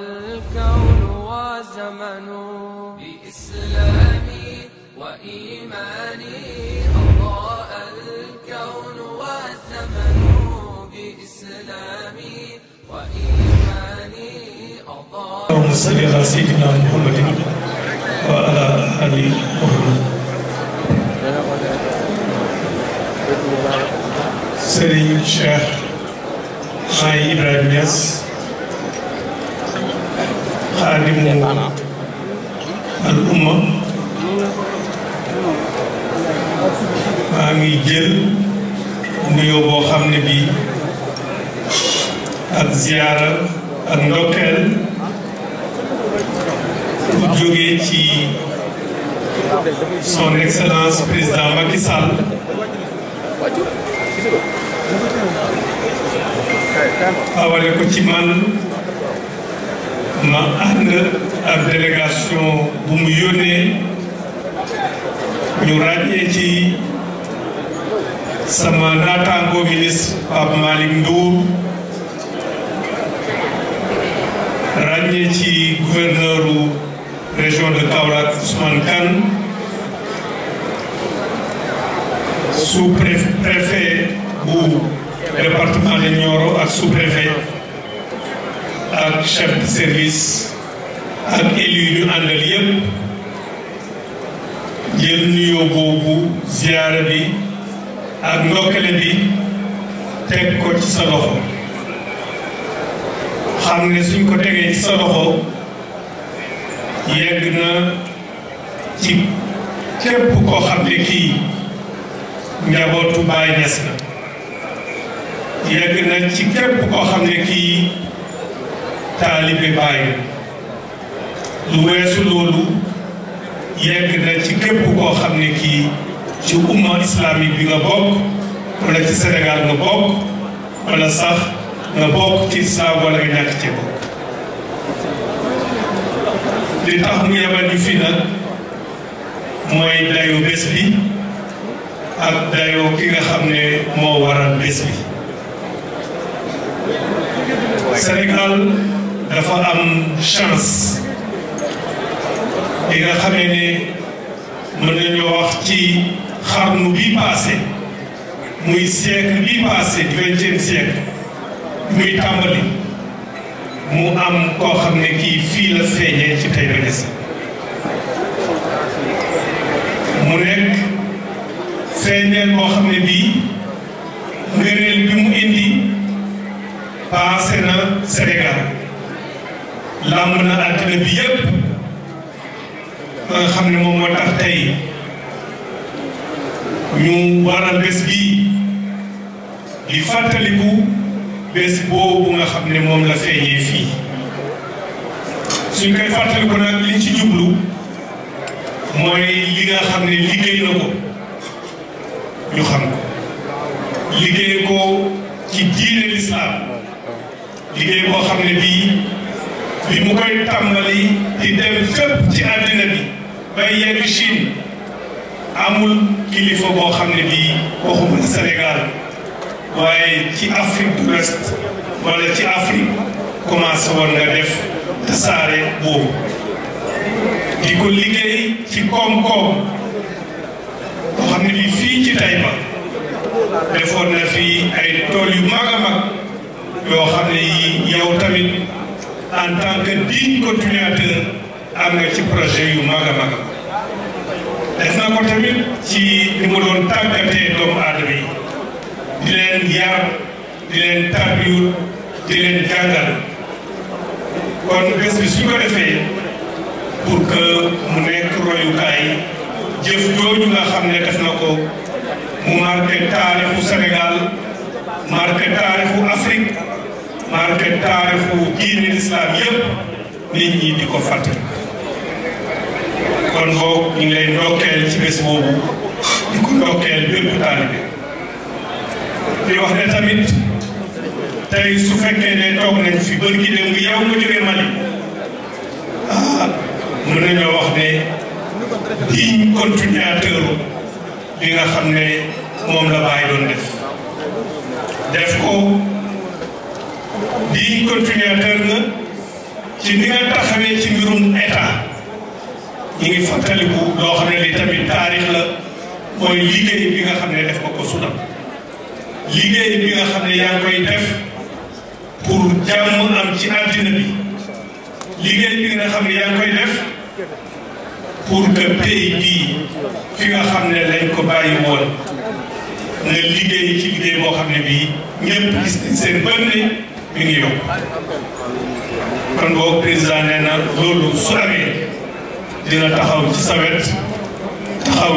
الكون وزمن بإسلامي وإيماني أضاء الكون والزمن بإسلامي وإيماني أضاء اللهم صل على سيدنا محمد وعلى آل محمد Serigne Cheikh Mahi Ibrahima Niass خادم الأمة maa ngi jël nuyoo boo xam ne bii ak ziyaara ak ndokkeel bu jógee ci son excellence président Macky Sall ko ci man ma ànd ak délégation bu mu yónnee ñu ràññee ci sama naataango ministre Pape Malick Ndour ràññee ci gouverneur région de Kaolack Ousmane Kane sous préfet bu département de Nioro ak sous préfet ak chef de service ak élu ñu àndal yëpp yéen nuyoo boobu ziyaara bi ak ndokkale bi teg ko ci sa loxo xam ne suñ ko tegee ci sa loxo yegg na ci képp koo xam ne kii njabootu Baay Ñas la yegg na ci képp koo xam ne kii taalibe Baay lu weesu loolu yegg na ci képp koo xam ne kii ci umma islamique bi nga bokk wala ci Sénégal nga bokk wala sax nga bokk ci islam wala nga ñàkk ci bokk li tax mu yebal ñu fii nag mooy dayo bés bi ak dayo ki nga xam ne moo waral bés bi Sénégal dafa am chance li nga xamee ne mën nañoo wax ci xarnu bi passé muy siècle bi passé du muy tàmbali mu am koo xam ne kii fii la feeñee ci Taïba Niassène mu nekk feeñeel boo xam ne bii ngëneel bi mu indi passé na Sénégal làmb na àddina bi yépp ba nga xam ne moom moo tax tey ñu waral bés bii di fàttaliku bés boobu nga xam ne moom la feeñee fii suñ koy fàttaliku nag liñ ci jublu mooy li nga xam ne liggéey na ko ñu xam ko liggéey ko ci diine lislaam liggéey boo xam ne bii li mu koy tàmbali di dem fépp ci àddina bi bay yegg Chine amul kilifa boo xam ne bii waxuma Sénégal waaye ci Afrique de l'Ouest wala ci Afrique commencé woon nga tasaare boobu di ko liggéey ci koom-koom boo xam ne bii fii ci Taïba defoon na fii ay tool yu mag a mag yoo xam ne yi yow tamit en tant que digne continuateur am nga ci projet yu mag a mag def ci li ma doomu aadama di leen yar di leen tarbiyul di leen jàngal kon bés bi su ko defee pour que mu nekk royukaay jëf jooju nga xam ne def na ko mu marqué taarixu Sénégal marqué taarixu Afrique marqué taarixu diine lislaam yëpp nit ñi di ko fàtte kon boobu ñu ngi lay ndokkeel ci bés boobu di ko ndokkeel bépp taalibe di wax ne tamit tey su fekkee ne toog nañ fi bër gi démb yow nga jógee Mali ah mën nañoo wax ne diñ continuateur li nga xam ne moom la bàyyi doon def def ko. di continuateur nga ci ni nga taxawee ci mbirum état ñu ngi fàttaliku loo xam ne li tamit taarix la mooy liggéey bi nga xam ne def nga ko Soudan liggéey bi nga xam ne yaa koy def pour ci àddina bi liggéey bi nga xam yaa ngi koy def pour bii fi nga xam ne lañ ko bàyyi woon nga liggéey ci liggéey boo xam ne bii ñëpp gis seen bët ne mi ngi yokk kon boobu dina taxaw ci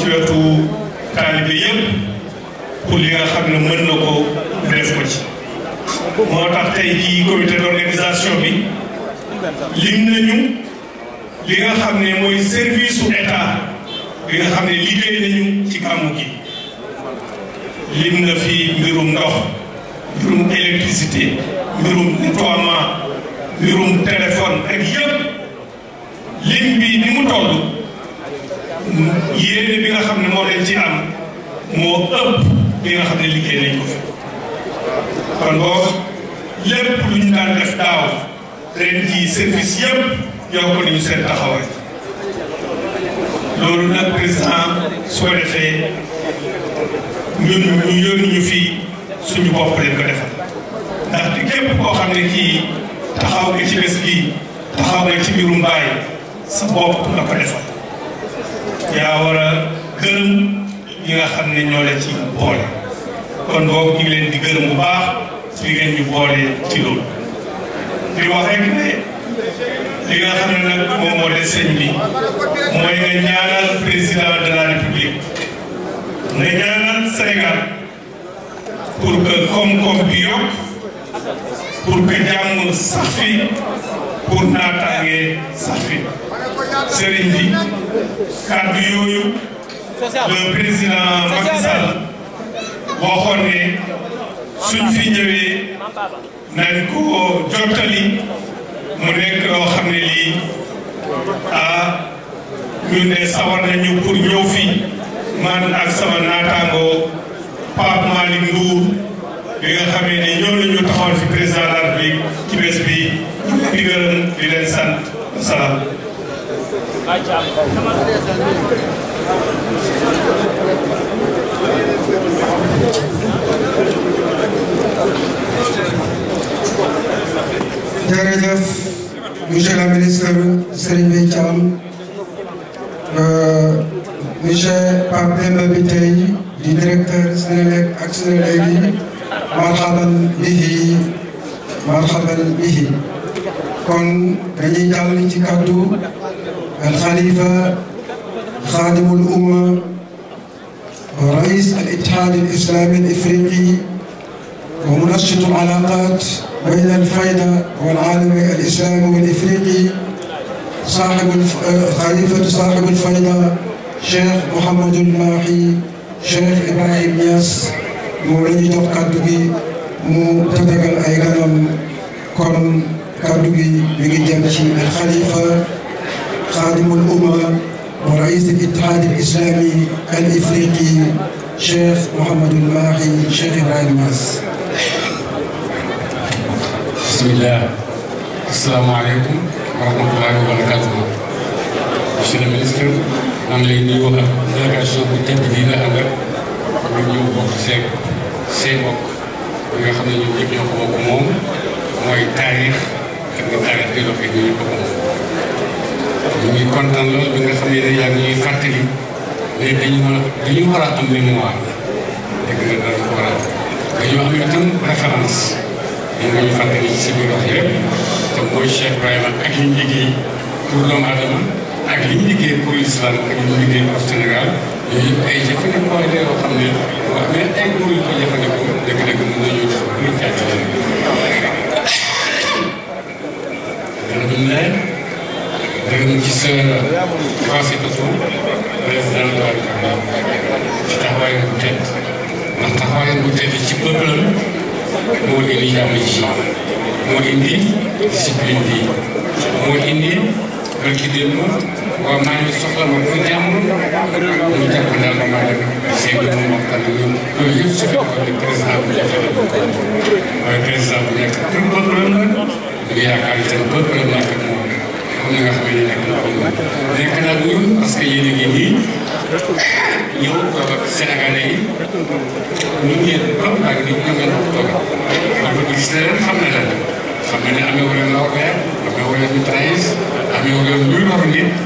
ci wetu taalibe yëpp pour li nga xam ne mën na ko jii comité d'organisation bi lim li nga xam ne mooy service nañu ci gàmmu gi lim na fi mbirum ndox mbirum électricité mbirum nettoiement mbirum téléphone ak yëpp lim bi ni mu toll yéene bi nga xam ne moo leen ci am moo ëpp bi nga xam ne liggéey nañ ko fi kon lépp lu ñu daan def daaw ren jii service yëpp yokk nañu seen taxawaay loolu nag président soo defee ñun ñu yónni ñu fii suñu bopp leen ko defal. képp koo xam ne kii taxaw nga ci bés bii taxaw nga ci mbirum Baay sa bopp nga ko defal yaa war a gërëm ñi nga xam ne ñoo la ci boole kon boobu ñu leen di gërëm bu baax li nga xam ne nag moom moo de bi mooy nga ñaanal président de république nga ñaanal Sénégal pour que koom-koom bi yokk pour que jàmm sax fi pour naataange sax sëriñ bi kàddu yooyu le président Macky waxoon ne suñ fi ñëwee nañ ko jottali mu nekk loo xam ne lii ah ñu ne sawar nañu pour ñëw fi man ak sama naataango Pape Malick Ndour bi nga xamee ne ñoom la ñu taxawal fi président de la République ci bés bi di gërëm di leen sant salaam. jërëjëf monsieur le ministre Serigne Mbaye Thiam euh, monsieur Pape Demba Bitèye di directeur Sénélec ak Sénélec yi marhaban bihi marhaban bihi kon dañuy jàll ci kàddu al xalifa xaadimul umma rais al ittihad al islami al ifriqi wa munashitu al alaqat bayna al fayda wal alami al islami wal ifriqi صاحب خليفة صاحب الفيضة شيخ محمد الماحي شيخ إبراهيم ياس moom la ñuy jox kàddu gi mu tatagal ay ganam kon kàddu gi mi ngi jëm ci al xalifa xaadimul umma wa rais al ittihad al islami al ifriqi cheikh Mouhamadul Mahi cheikh Ibrahima Niass. bismillah. asalaamaaleykum wa rahmatullahi wa barakatuh. monsieur le ministre maa ngi lay nuyu ak délégation bu tedd bii nga àndal ñu ñëw bokk seeg. seen bokk bi nga xam ne ñun ñëpp ñoo ko bokk moom mooy taarix ak nga taarix di doxee ñu ko moom. ñu ngi kontaan loolu bi nga xam ne yaa ngi ñuy fàttali ne dañu war dañu war a am mémoire dégg nga dara ko war a dañoo am itam référence ñu ngi ñu fàttali ci biir wax yëpp te mooy Cheikh Ibrahima ak li ñu liggéey pour doomu aadama ak li ñu liggéey pour l'islam ak li ñu liggéey pour Sénégal. yooyu ay jëfandikoo xam ne boo amee ay góor yu ko jëfandikoo dëgg-dëgg mën nañoo def lu càcc leen. danañ ne danañ gis conséquence président de la République ci taxawaayam bu tedd ndax taxawaayam bu tedd ci bëgg moo indi jàmm ji moo indi discipline bi moo indi barki démb waaw maa ngi soxla ma ko jàmm mu jàppandal ma ma dem seen bi mu mokkal yooyu yëpp su fekkoon ne président bu jafe la mooy président bu nekk pour bëgg la mën ñu yaakaar itam bëgg la nekk moom comme ni nga xam ne nekk na ko nekk na bu parce que yéen a ngi nii ñëw Sénégalais yi ñu ngi toog ak nit ñu ngeen toog parce que gis na leen xam na leen xam na ne amee wala nga ko amee wala ñu trahis amee wala ñu lor nit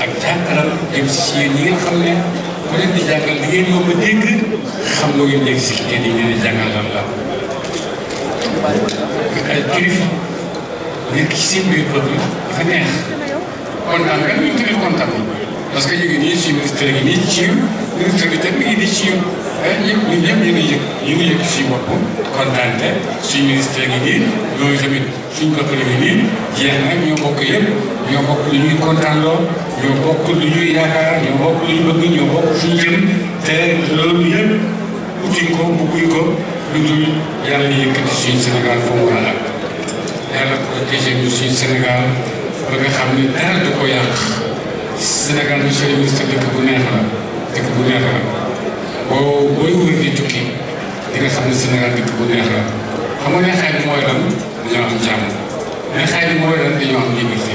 ak jàngalam jëm si yéen ñi xam ne ku leen di jàngal li ngeen yomb a dégg xam nga ngeen dégg si ki ngeen ñu que ngi nii suñu ministre yi nii ministre ngi nii eh, ñu ngi yëg ñu ngi yëg ministre yi nii ñoo bokk yëpp ñoo bokk lu ñuy kontaan lool. ñoo bokk lu ñuy yaakaar ñoo bokk lu bëgg ñoo bokk fu ñu jëm te loolu a àgg ñu suñu bu neex la dëkk bu neex di tukki di nga xam ne Sénégal dëkk bu neex la xam nga neexaay bi mooy lan dañoo am jàmm neexaay bi mooy lan dañoo am liberté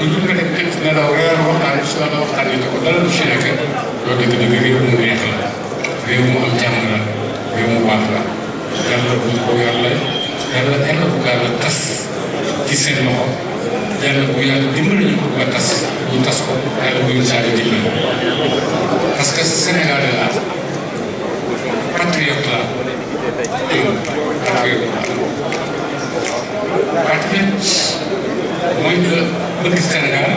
li ñu mën a teg dina la reer waxtaan si wàllu waxtaan yi te ko dara du si nekk mu neex la réew mu am jàmm la réew mu baax la yàlla bu ko yàlla yàlla yàlla bu ko yàlla tas ci tas ko yàlla bu yàlla dimbali parce que Sénégal la patriote la patriote patriote mooy que bëgg Sénégal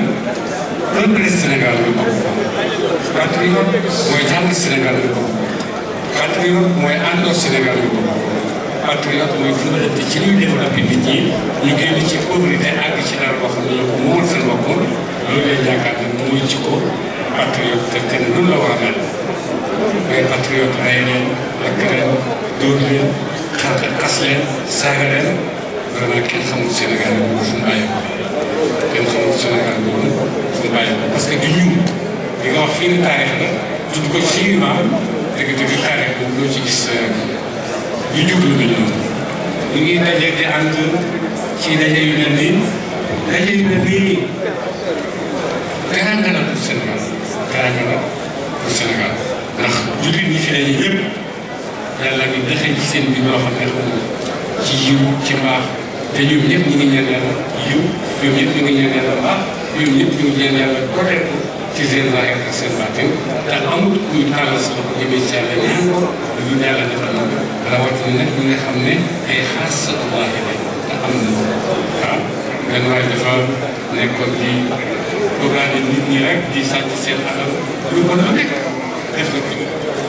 dimbali Sénégal ñu bokk patriote mooy jàng Sénégal ñu bokk patriote mooy àndoo Sénégal ñu bokk patriote mooy dimbalante ci ñuy développé nit ñi ñu génn ci pauvreté àgg ci dara boo xam ne ñoo ko mool seen bopp loolu lañ yaakaar ne mooy jikko patriote te kenn loolu la war a mel mais patriote rey leen lekk leen dóor leen xar xas leen saaga leen vraiment kenn xamul Sénégal yi moom fu mu ayoo dem si Sénégal boobu suñu parce que du ñun li nga wax fii ni taarix la tudd ko ci imam dëgg dëgg taarix boobu doo ci gis euh, di ànd ci pour Sénégal teranga na pour Sénégal ndax jullit ñi fi daje ñëpp yàlla ni dexe ci seen bi loo xam ne xam ci yiw ci mbaax te ñoom ñëpp ñu ngi ñaan yàlla yiw ñoom ñëpp ñu ngi ñaan yàlla baax ñoom ñëpp ñu ngi ñaan yàlla protéger ci seen zaahir ak seen baatin te amul kuy tàllal sa loxo jëmee ci yàlla ñaan ko nga xam ne ay xaas sa tubaab yi lañ te am na waaw benn nekk def na ko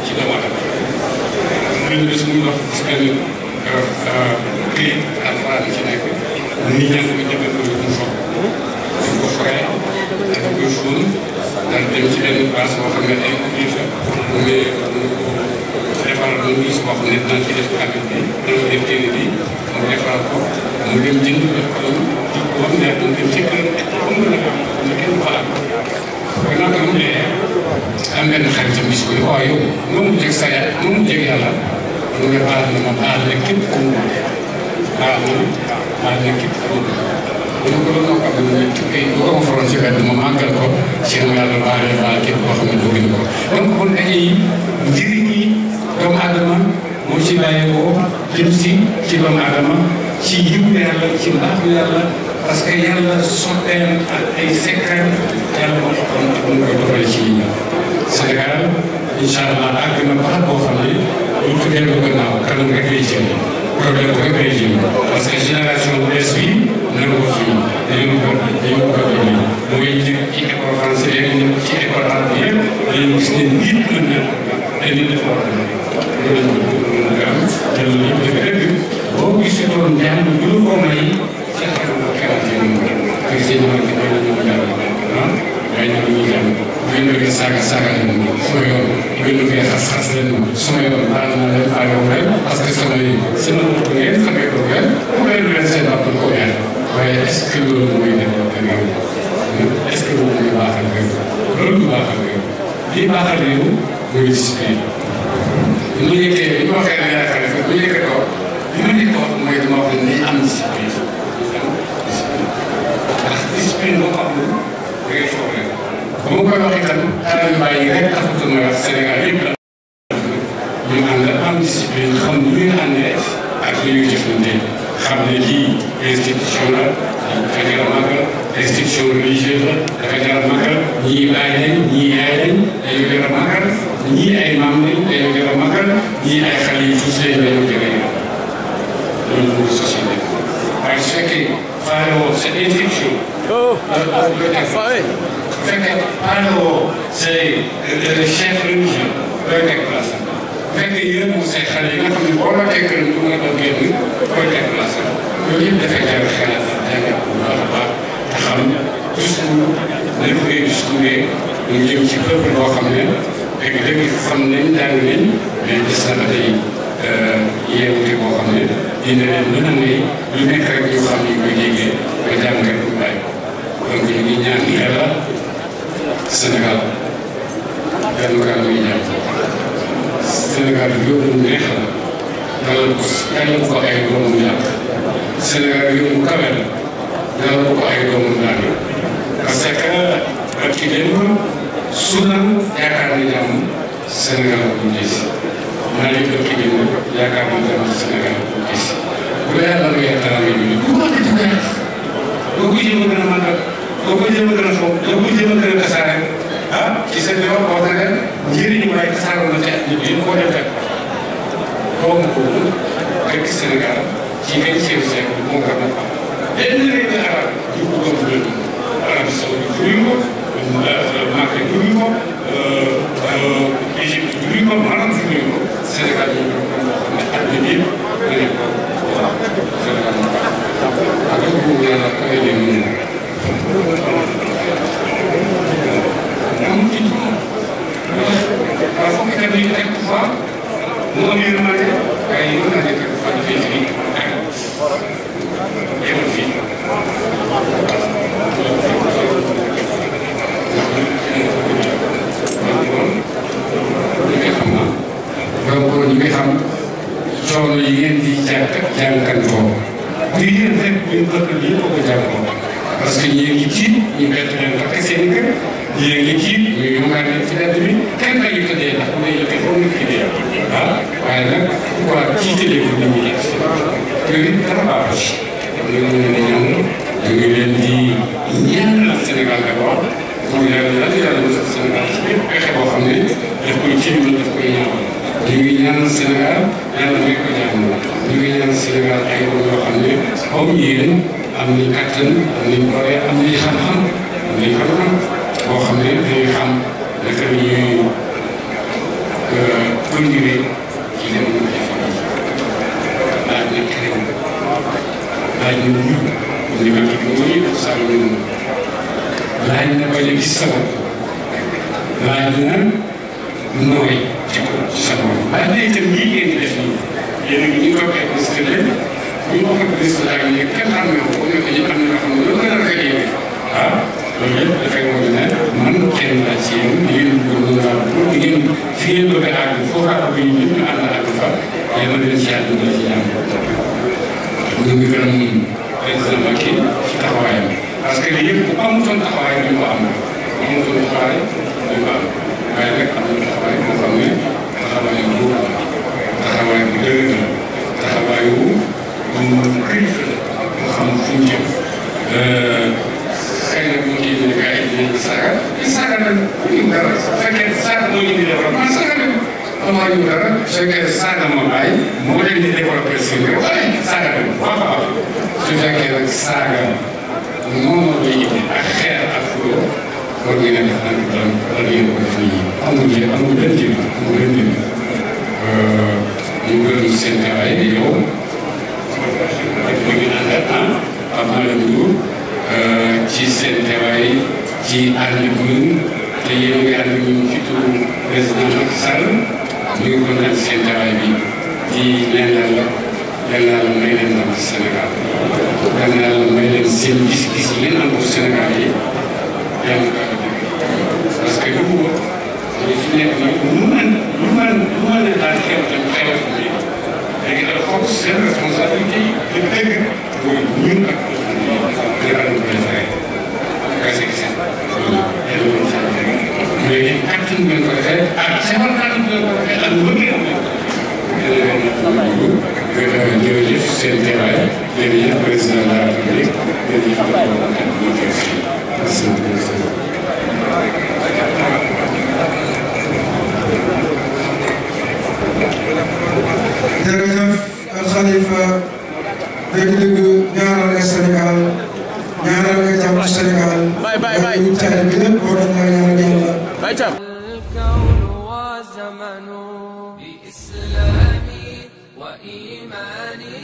ci doomu aadama. ñun bés muy wax gis nga ni a alxuraan bi ci nekk nit ña ko jëfandikoo mu soxla dañ ko foree dañ koy suul dañ dem ci mu gis boo xam ne dina ci ko mu jënd def mu dem ci kër xam nga nag ko mu jeg yàlla mu ne baal na ma baal képp ku mu waaw képp ku dina ko doon wax ak nit ki boo ko faroon si wet ma màggal ko seen yàlla baal na baal képp koo xam ne bëgg na ko donc kon daje yi njëriñ yi doomu aadama moo ci bàyyeekoo jëm si ci doomu aadama ci yiw yàlla ci mbaaxu yàlla parce que yàlla sotteel ak ay secret yàlla moo taxoon ak mu koy doxale ci ñun Sénégal incha allah àgg na baax boo xam ne bu ñu tuddee gannaaw kanam rek lay jëm problème bu même régime parce que génération bu bees bi nangu ko fii dañu ko dañu ko gëm mooy ñu ci école français yeeg ñu ci école arabe yëpp dañu gis ne nit mën na dañu def problème loolu lañ ko am te loolu yëpp dëgg-dëgg boo gisee doon njàng bu ñu ko may ci xarala kàlla jënd ak seen mbokk yi ñu ngi jàng ah waaye ñu ngi jàng ngeen doon gën saaga saaga leen moom sama yoon ngeen doon gën xas xas leen moom sama yoon baal naa leen baal yow rek parce que sama yi seen mbokk ngeen xamee ko ngeen ku leen leen seen bopp ko ñaan waaye est ce que loolu mooy développé réew est ce que loolu mooy baaxal réew loolu du baaxal réew lii baaxal réew mooy discipline ñun bu see ñëwee ñu déggee loolu mooy société bi waaye su fekkee faale woo sa infection. loolu am nga teg ko su fekkee faale woo say chef religieux looy teg place am bu fekkee yéen mu say xale yi nga xam ne boo ma teg kër bu nga doon génn koy teg place am loolu yëpp dafay jar xalaat jàngat bu baax a baax te xam discours dañ koy discouré ñu jëm ci peuple boo xam ne dëgg-dëgg xam nañ jàng nañ mais gis na ba tey Euh, yeewute boo xam ne dina leen mën a may lu nekk rek yoo xam ne ñu koy déggee ba jàng rek ñu bàyyi donc ñu ngi ñaan yàlla Sénégal kenn kaa muy ñaan Sénégal réew mu neex la dalal ko dalal ko ay doomu ñàkk Sénégal réew mu kawe la dalal ko ay doomu naan parce que ak ci démb su naan yaakaar nañu am Sénégal bu ñu mën nañu ko kii bi yaakaar naa ne ci Sénégal bu gis bu la yàlla la yàlla la ngay julli bu ko di dugg boo ko jéem a gën a màggal boo ko jéem a gën a foog boo ko jéem a gën a tasaare ah ci seen débat boo xam ne njëriñu waaye tasaare na ci at ñu ko def rek toog ko rek Sénégal ci vingt siècle moo gën a benn réew arab yu ko gëm lii rek ñun dëkk bi ñëpp a ko jàppoon parce que ñii ngi tiit ñu bett leen takk seen kër ñii ngi tiit ñu yóbbaale leen ci dëkk bi kenn bañu tëddee ndax ku ne yëkkati ba mu tëddee ah waaye nag quoi tiitalee ko nit ñi nekk te it dara baaxul ñun ñu ne ñoom ñu ngi leen di ñaanal Sénégal d'abord pour yàlla yàlla yàlla mos a Sénégal ci bépp pexe boo xam ne daf koy jéem daf koy ñaawal. ñu ngi ñaanal Sénégal yàlla may ko jàmm ñu ngi ñaanal Sénégal ay doom yoo xam ne comme yéen am nañ kattan am nañ doole am nañ xam-xam am nañ xam-xam boo xam ne dañuy xam naka la ñuy euh, conduire ci jamono jafe-jafe laaj na réew laaj na ñu ñu nga xam ne mooy yëpp saa yu laaj na bañ a gis sabab laaj na nooy. ndax léeg-léeg lii ngeen di def nii yéen a ngi ñu toog ay président lañ bu ñu waxoon président ak ñi kenn xam ne ko nekk na loo xam ne loolu la rafet yéen waaw ah, loolu yëpp dafay wane ne man kenn laa ci yéen li ngeen bëgg a pour di ngeen fi ngeen bëgg a àgg foofu àgg bi ñu ñu ànd àgg fa yéen a leen ci àgg la ci jàmm ñu ngi gërëm président Macky ci taxawaayam parce que lii yëpp ku amutoon taxawaay bi mu am amutoon taxawaay ci seen teewaay ci ànd bu ngeen te yéen a ngi ànd bu ngeen ci turu président Macky Sall ñu ngi kontaan seen teewaay bi di leen yàlla yàlla may leen ndam ci Sénégal yàlla may leen seen gis-gis yi am pour Sénégal yi yàlla parce que lu ko ñu ci nekk nii lu mën lu mën lu mën kese mais kàttan bi ko defee ak sama kàttan bi ko defee ak bëgg-bëgg jërëjëf seen teewaay jërëjëf président de la République jërëjëf jërëjëf Al Khalifa dëgg-dëgg ñaanal nga Sénégal ñaanal nga jàmm Sénégal bay bay bay bay cam الكون وزمن بإسلامي وإيماني